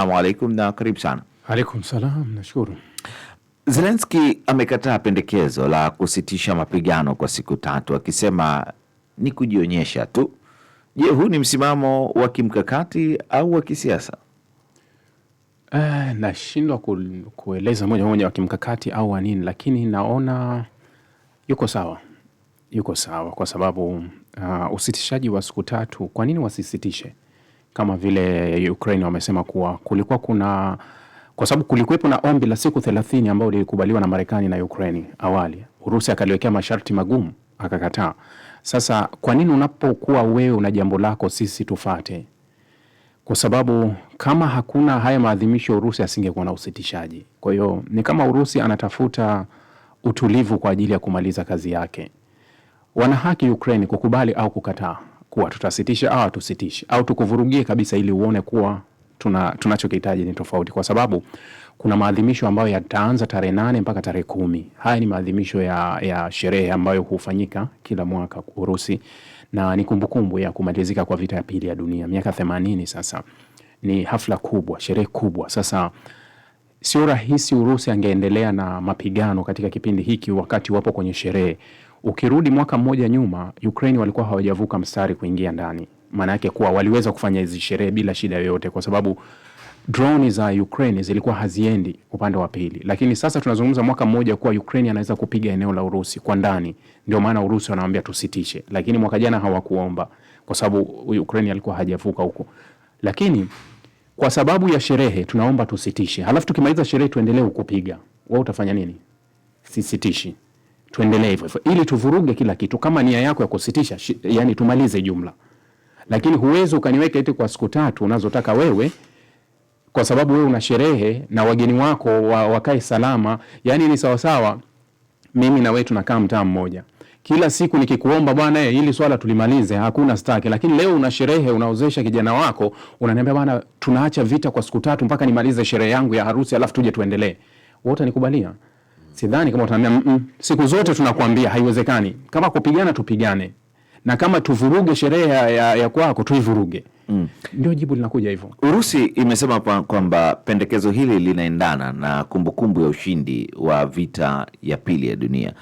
Assalamu alaikum na karibu sana. Alaikum salam, nashukuru. Zelenski amekataa pendekezo la kusitisha mapigano kwa siku tatu, akisema ni kujionyesha tu. Je, huu ni msimamo wa kimkakati au wa kisiasa? Uh, nashindwa kueleza moja moja wa kimkakati au wa nini, lakini naona yuko sawa, yuko sawa kwa sababu uh, usitishaji wa siku tatu, kwa nini wasisitishe? kama vile Ukraine wamesema kuwa kulikuwa kuna kwa sababu kulikuwepo na ombi la siku thelathini ambao lilikubaliwa na Marekani na Ukraine awali. Urusi akaliwekea masharti magumu, akakataa. Sasa kwa nini unapokuwa wewe una jambo lako sisi tufate? Kwa sababu kama hakuna haya maadhimisho, Urusi asingekuwa na usitishaji. Kwa hiyo ni kama Urusi anatafuta utulivu kwa ajili ya kumaliza kazi yake. Wana haki Ukraine kukubali au kukataa, kuwa tutasitisha au ah, tusitishe au tukuvurugie kabisa, ili uone kuwa tuna tunachokihitaji ni tofauti, kwa sababu kuna maadhimisho ambayo yataanza tarehe nane mpaka tarehe kumi. Haya ni maadhimisho ya, ya sherehe ambayo hufanyika kila mwaka Urusi na ni kumbukumbu ya kumalizika kwa vita ya pili ya dunia miaka themanini sasa. Ni hafla kubwa, sherehe kubwa. Sasa sio rahisi Urusi angeendelea na mapigano katika kipindi hiki wakati wapo kwenye sherehe. Ukirudi mwaka mmoja nyuma, Ukraine walikuwa hawajavuka mstari kuingia ndani, maana yake kuwa waliweza kufanya hizi sherehe bila shida yoyote, kwa sababu droni za Ukraine zilikuwa haziendi upande wa pili. Lakini sasa tunazungumza mwaka mmoja kuwa Ukraine anaweza kupiga eneo la Urusi kwa ndani, ndio maana Urusi wanawambia tusitishe, lakini mwaka jana hawakuomba kwa sababu Ukraine alikuwa hajavuka huko, lakini kwa sababu ya sherehe tunaomba tusitishe, halafu tukimaliza sherehe tuendelee kupiga. Wewe utafanya nini? Sisitishi tuendelee hivyo hivyo ili tuvuruge kila kitu, kama nia yako ya kusitisha, yani tumalize jumla. Lakini huwezi ukaniweka eti kwa siku tatu unazotaka wewe, kwa sababu wewe una sherehe na wageni wako wa, wakae salama. Yani ni sawasawa mimi na wewe tunakaa mtaa mmoja kila siku nikikuomba bwana, eh, hili swala tulimalize, hakuna staki. Lakini leo una sherehe, unaozesha kijana wako, unaniambia bwana, tunaacha vita kwa siku tatu mpaka nimalize sherehe yangu ya harusi, alafu tuje tuendelee. Wote nikubalia Sidhani kama utaniambia mm -mm. Siku zote tunakwambia haiwezekani. Kama kupigana tupigane, na kama tuvuruge sherehe ya, ya kwako tuivuruge. Mm. Ndio jibu linakuja hivyo. Urusi imesema kwamba pendekezo hili linaendana na kumbukumbu ya ushindi wa vita ya pili ya dunia.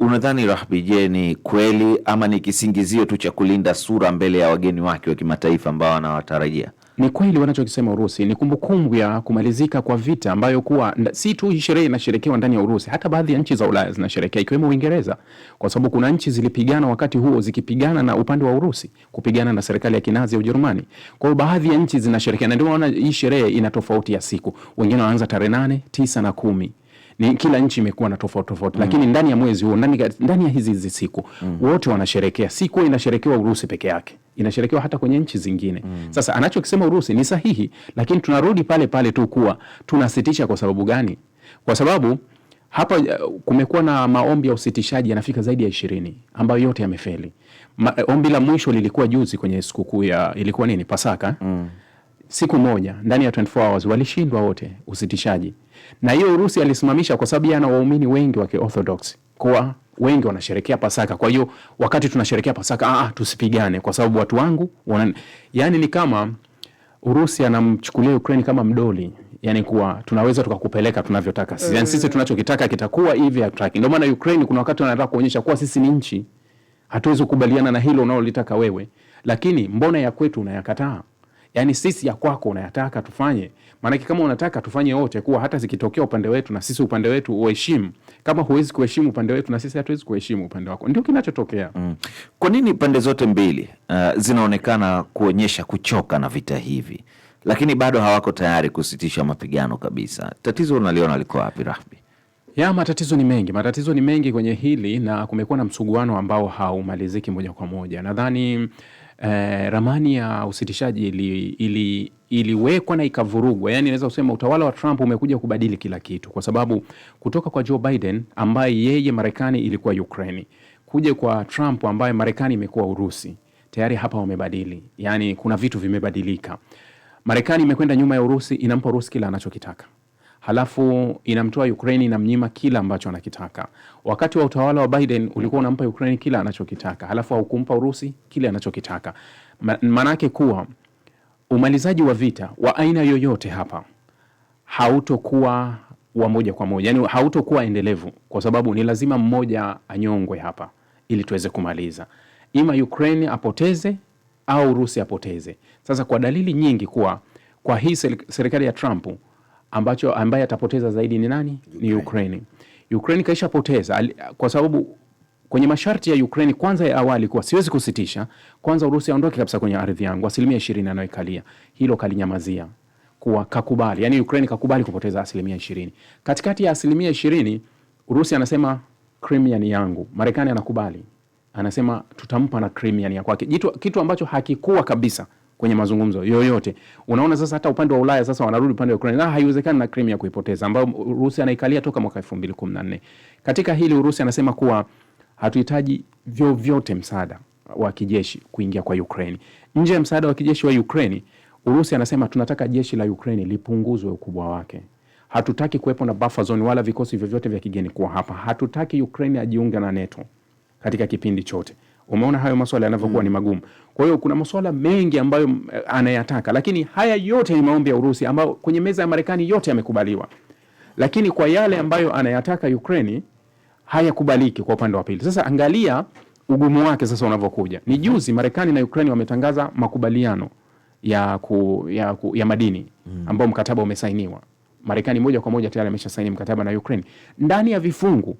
Unadhani Rahbi, je, ni kweli ama ni kisingizio tu cha kulinda sura mbele ya wageni wake wa kimataifa ambao wanawatarajia? Ni kweli wanachokisema Urusi ni kumbukumbu ya kumalizika kwa vita ambayo kuwa si tu sherehe inasherekewa ndani ya Urusi, hata baadhi ya nchi za Ulaya zinasherekea ikiwemo Uingereza, kwa sababu kuna nchi zilipigana wakati huo zikipigana na upande wa Urusi kupigana na serikali ya kinazi ya Ujerumani. Kwa hiyo baadhi ya nchi zinasherekea, na ndio maana hii sherehe ina tofauti ya siku, wengine wanaanza tarehe nane, tisa na kumi ni kila nchi imekuwa na tofauti tofauti, mm. lakini ndani ya mwezi huo, ndani ya hizi hizi siku mm. wote wanasherekea. Siku inasherekewa Urusi peke yake, inasherekewa hata kwenye nchi zingine. Mm. Sasa anachokisema Urusi ni sahihi, lakini tunarudi pale pale tu kuwa tunasitisha. Kwa sababu gani? Kwa sababu hapa eh, kumekuwa na maombi ya usitishaji yanafika zaidi ya ishirini ambayo yote yamefeli. Ombi la mwisho lilikuwa juzi kwenye sikukuu ya ilikuwa nini, Pasaka mm siku moja ndani ya 24 hours walishindwa wote usitishaji, na hiyo Urusi alisimamisha kwa sababu yana waumini wengi wa Kiorthodox kwa wengi wanasherekea Pasaka. Kwa hiyo wakati tunasherekea Pasaka, ah, ah tusipigane kwa sababu watu wangu wana... yani ni kama Urusi anamchukulia Ukraine kama mdoli, yani kuwa tunaweza tukakupeleka tunavyotaka sisi, yani sisi mm. tunachokitaka kitakuwa hivi, hatutaki. Ndio maana Ukraine kuna wakati wanataka kuonyesha kuwa sisi ni nchi, hatuwezi kukubaliana na hilo unalolitaka wewe, lakini mbona ya kwetu unayakataa? yani sisi ya kwako unayataka tufanye. Maanake kama unataka tufanye wote, kuwa hata zikitokea upande wetu na sisi upande wetu uheshimu. Kama huwezi kuheshimu upande wetu na sisi hatuwezi kuheshimu upande wako, ndio kinachotokea mm. Kwa nini pande zote mbili uh, zinaonekana kuonyesha kuchoka na vita hivi, lakini bado hawako tayari kusitisha mapigano kabisa? Tatizo unaliona liko wapi, Rahbi? Ya, matatizo ni mengi, matatizo ni mengi kwenye hili na kumekuwa na msuguano ambao haumaliziki moja kwa moja. Nadhani eh, ramani ya usitishaji ili, ili iliwekwa na ikavurugwa. Yani naweza kusema utawala wa Trump umekuja kubadili kila kitu, kwa sababu kutoka kwa Joe Biden ambaye yeye Marekani ilikuwa Ukraini kuja kwa Trump ambaye Marekani imekuwa Urusi tayari hapa wamebadili, yani kuna vitu vimebadilika. Marekani imekwenda nyuma ya Urusi, inampa Urusi kila anachokitaka halafu inamtoa Ukraine inamnyima kila ambacho anakitaka. Wakati wa utawala wa Biden ulikuwa unampa Ukraine kila anachokitaka, halafu haukumpa Urusi kile anachokitaka. Maanake kuwa umalizaji wa vita wa aina yoyote hapa hautokuwa wa moja kwa moja, yani hautokuwa endelevu, kwa sababu ni lazima mmoja anyongwe hapa ili tuweze kumaliza, ima Ukraine apoteze au Urusi apoteze. Sasa kwa dalili nyingi kuwa kwa hii serikali ya Trump ambacho ambaye atapoteza zaidi ni nani? Ni Ukraine. Ukraine kaishapoteza kwa sababu kwenye masharti ya Ukraine kwanza ya awali kuwa siwezi kusitisha kwanza, Urusi aondoke kabisa kwenye ardhi yangu, asilimia ishirini anayoikalia. Hilo kalinyamazia kuwa kakubali, yani Ukraine kakubali kupoteza asilimia ishirini. Katikati ya asilimia ishirini Urusi anasema Crimea ni yangu. Marekani anakubali, anasema tutampa na Crimea ni ya kwake, kitu ambacho hakikuwa kabisa kwenye mazungumzo yoyote. Unaona sasa hata upande wa Ulaya sasa wanarudi upande wa Ukraine. Na haiwezekani na Crimea kuipoteza ambayo Urusi anaikalia toka mwaka 2014. Katika hili Urusi anasema kuwa hatuhitaji vyovyote msaada wa kijeshi kuingia kwa Ukraine. Nje ya msaada wa kijeshi wa Ukraine, Urusi anasema tunataka jeshi la Ukraine lipunguzwe ukubwa wake. Hatutaki kuwepo na buffer zone wala vikosi vyovyote vya kigeni kuwa hapa. Hatutaki Ukraine ajiunge na NATO katika kipindi chote. Umeona hayo maswala yanavyokuwa mm. ni magumu. Kwa hiyo kuna maswala mengi ambayo mm, anayataka, lakini haya yote ni maombi ya Urusi ambayo kwenye meza ya Marekani yote yamekubaliwa, lakini kwa yale ambayo anayataka Ukraini hayakubaliki kwa upande wa pili. Sasa angalia ugumu wake sasa unavyokuja. Ni juzi Marekani na Ukraini wametangaza makubaliano ya, ku, ya, ku, ya madini mm. ambao mkataba umesainiwa. Marekani moja kwa moja tayari amesha saini mkataba na Ukraini. Ndani ya vifungu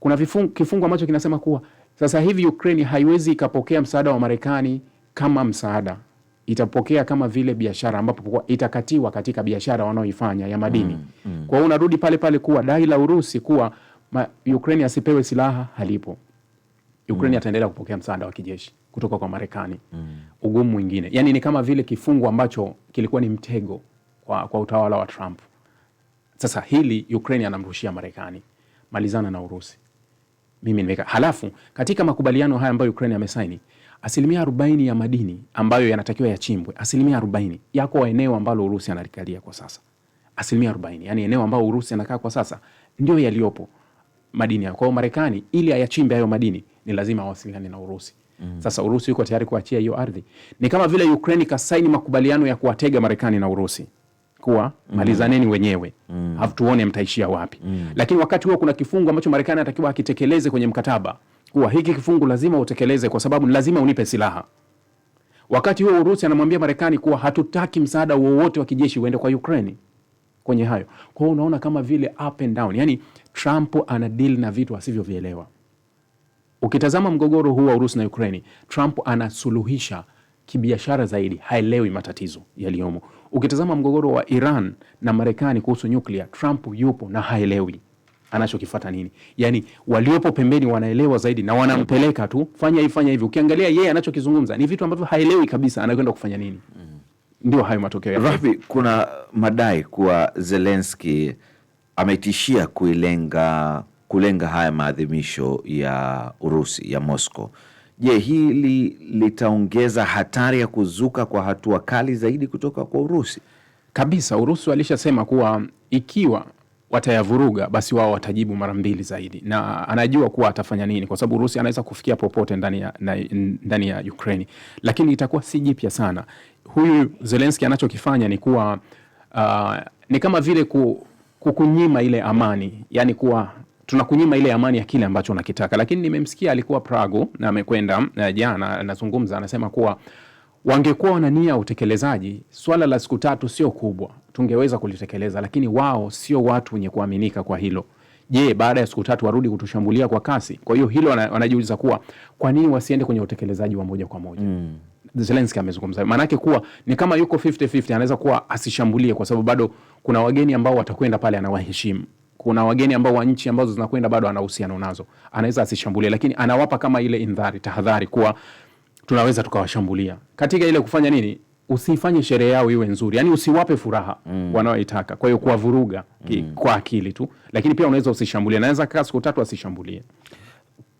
kuna vifungu, kifungu ambacho kinasema kuwa sasa hivi Ukraine haiwezi ikapokea msaada wa Marekani kama msaada, itapokea kama vile biashara, ambapo itakatiwa katika biashara wanaoifanya ya madini mm, mm. Kwa hiyo unarudi pale pale kuwa dai la Urusi kuwa Ukraine asipewe silaha halipo. Ukraine mm. ataendelea kupokea msaada wa kijeshi kutoka kwa Marekani mm. ugumu mwingine, yani ni kama vile kifungu ambacho kilikuwa ni mtego kwa, kwa utawala wa Trump. Sasa hili Ukraine anamrushia Marekani, malizana na Urusi mimi nimeweka. Halafu katika makubaliano haya ambayo Ukraine amesaini asilimia 40 ya madini ambayo yanatakiwa yachimbwe, asilimia 40 yako eneo ambalo Urusi analikalia kwa sasa, asilimia 40, yani eneo ambao Urusi anakaa kwa sasa ndio yaliyopo madini hayo. Kwa hiyo Marekani ili ayachimbe hayo madini ni lazima awasiliane na Urusi. Mm. Sasa Urusi yuko tayari kuachia hiyo ardhi, ni kama vile Ukraine kasaini makubaliano ya kuwatega Marekani na Urusi kuwa mm. malizaneni wenyewe mm. Hafu tuone mtaishia wapi mm. Lakini wakati huo kuna kifungu ambacho Marekani anatakiwa akitekeleze kwenye mkataba kuwa hiki kifungu lazima utekeleze, kwa sababu ni lazima unipe silaha. Wakati huo Urusi anamwambia Marekani kuwa hatutaki msaada wowote wa kijeshi uende kwa Ukraini kwenye hayo. Kwa hiyo unaona kama vile up and down, yani Trump ana deal na vitu asivyovielewa. Ukitazama mgogoro huu wa Urusi na Ukraini, Trump anasuluhisha kibiashara zaidi, haelewi matatizo yaliyomo. Ukitazama mgogoro wa Iran na Marekani kuhusu nyuklia, Trump yupo na haelewi anachokifata nini. yani waliopo pembeni wanaelewa zaidi na wanampeleka tu, fanya hivi, fanya hivi. Ukiangalia yeye anachokizungumza ni vitu ambavyo haelewi kabisa anakwenda kufanya nini. Ndio hayo matokeo ya Kuna madai kuwa Zelensky ametishia kuilenga kulenga haya maadhimisho ya Urusi ya Moscow. Je, hili litaongeza hatari ya kuzuka kwa hatua kali zaidi kutoka kwa Urusi? Kabisa, Urusi walishasema kuwa ikiwa watayavuruga basi wao watajibu mara mbili zaidi, na anajua kuwa atafanya nini, kwa sababu Urusi anaweza kufikia popote ndani ya, na, ndani ya Ukraini, lakini itakuwa si jipya sana. Huyu Zelenski anachokifanya ni kuwa uh, ni kama vile ku, kukunyima ile amani, yani kuwa tunakunyima ile amani ya kile ambacho unakitaka. Lakini nimemsikia alikuwa Prago na amekwenda eh, jana, anazungumza anasema kuwa wangekuwa wana nia ya utekelezaji, swala la siku tatu sio kubwa, tungeweza kulitekeleza, lakini wao sio watu wenye kuaminika kwa hilo. Je, baada ya siku tatu warudi kutushambulia kwa kasi? Kwa hiyo hilo wanajiuliza kuwa kwa nini wasiende kwenye utekelezaji wa moja kwa moja mm. Zelenski amezungumza maanake kuwa ni kama yuko 50-50, anaweza kuwa asishambulie kwa sababu bado kuna wageni ambao watakwenda pale, anawaheshimu kuna wageni ambao wa nchi ambazo zinakwenda bado ana uhusiano nazo, anaweza asishambulie, lakini anawapa kama ile indhari, tahadhari kuwa tunaweza tukawashambulia katika ile kufanya nini usifanye sherehe yao iwe nzuri, yani usiwape furaha mm. wanaoitaka. Kwa hiyo kuwavuruga mm. kwa akili tu, lakini pia unaweza usishambulie. Naweza kaa siku tatu asishambulie.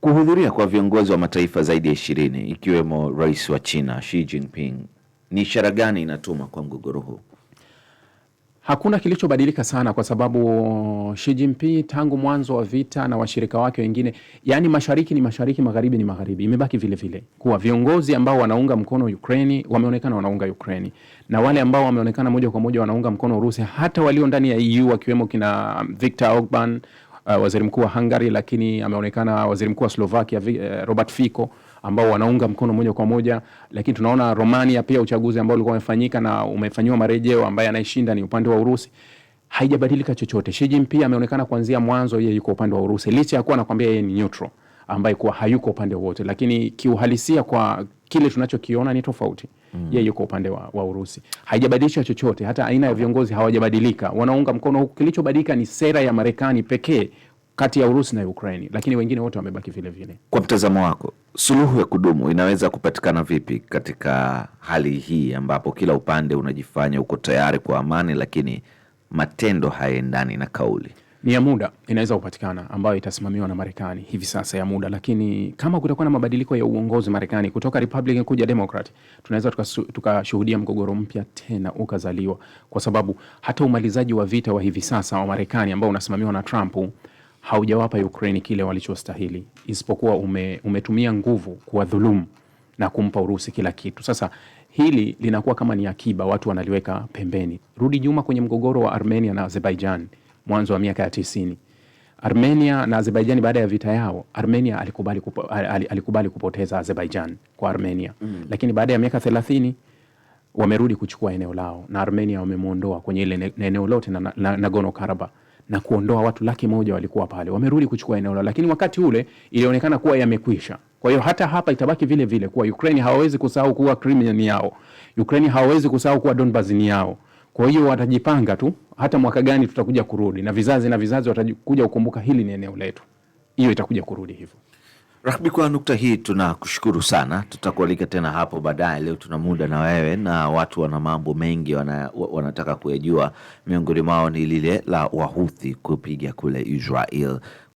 Kuhudhuria kwa viongozi wa mataifa zaidi ya ishirini ikiwemo rais wa China Xi Jinping, ni ishara gani inatuma kwa mgogoro huu? Hakuna kilichobadilika sana kwa sababu Xi Jinping tangu mwanzo wa vita na washirika wake wengine, yaani mashariki ni mashariki, magharibi ni magharibi, imebaki vile vile kuwa viongozi ambao wanaunga mkono Ukraine wameonekana wanaunga Ukraine, na wale ambao wameonekana moja kwa moja wanaunga mkono Urusi, hata walio ndani ya EU wakiwemo kina Viktor Orban, uh, waziri mkuu wa Hungary, lakini ameonekana waziri mkuu wa Slovakia, uh, Robert Fico ambao wanaunga mkono moja kwa moja, lakini tunaona Romania pia uchaguzi ambao ulikuwa umefanyika na umefanyiwa marejeo, ambaye anayeshinda ni upande wa Urusi. Haijabadilika chochote. Xi Jinping ameonekana kuanzia mwanzo yeye yuko upande wa Urusi, licha ya kuwa anakwambia yeye ni neutral, ambaye kuwa hayuko upande wote, lakini kiuhalisia kwa kile tunachokiona ni tofauti mm. Yeye yuko upande wa, wa Urusi. Haijabadilisha chochote, hata aina ya viongozi hawajabadilika, wanaunga mkono. Kilichobadilika ni sera ya Marekani pekee kati ya Urusi na Ukraini, lakini wengine wote wamebaki vile vile. Kwa mtazamo wako, suluhu ya kudumu inaweza kupatikana vipi katika hali hii ambapo kila upande unajifanya uko tayari kwa amani, lakini matendo hayaendani na kauli? Ni ya muda inaweza kupatikana, ambayo itasimamiwa na Marekani hivi sasa ya muda, lakini kama kutakuwa na mabadiliko ya uongozi Marekani kutoka Republican kuja Democrat, tunaweza tukashuhudia tuka mgogoro mpya tena ukazaliwa, kwa sababu hata umalizaji wa vita wa hivi sasa wa Marekani ambao unasimamiwa na Trump haujawapa Ukraine kile walichostahili, isipokuwa ume, umetumia nguvu kuwadhulumu na kumpa Urusi kila kitu. Sasa hili linakuwa kama ni akiba, watu wanaliweka pembeni. Rudi nyuma kwenye mgogoro wa Armenia na Azerbaijan mwanzo wa miaka ya tisini. Armenia na Azerbaijan, baada ya vita yao, Armenia alikubali, kupo, alikubali kupoteza Azerbaijan kwa Armenia mm. Lakini baada ya miaka thelathini wamerudi kuchukua eneo lao na Armenia wamemwondoa kwenye ile eneo lote na Nagorno Karabakh na kuondoa watu laki moja walikuwa pale, wamerudi kuchukua eneo lao, lakini wakati ule ilionekana kuwa yamekwisha. Kwa hiyo hata hapa itabaki vile vile kuwa Ukraine hawawezi kusahau kuwa Crimea ni yao, Ukraine hawawezi kusahau kuwa Donbas ni yao. Kwa hiyo watajipanga tu, hata mwaka gani tutakuja kurudi, na vizazi na vizazi watakuja kukumbuka hili ni eneo letu. Hiyo itakuja kurudi hivyo. Rahbi, kwa nukta hii tunakushukuru sana, tutakualika tena hapo baadaye. Leo tuna muda na wewe, na watu wana mambo mengi wana, wanataka kuyajua. Miongoni mwao ni lile la Wahuthi kupiga kule Israel.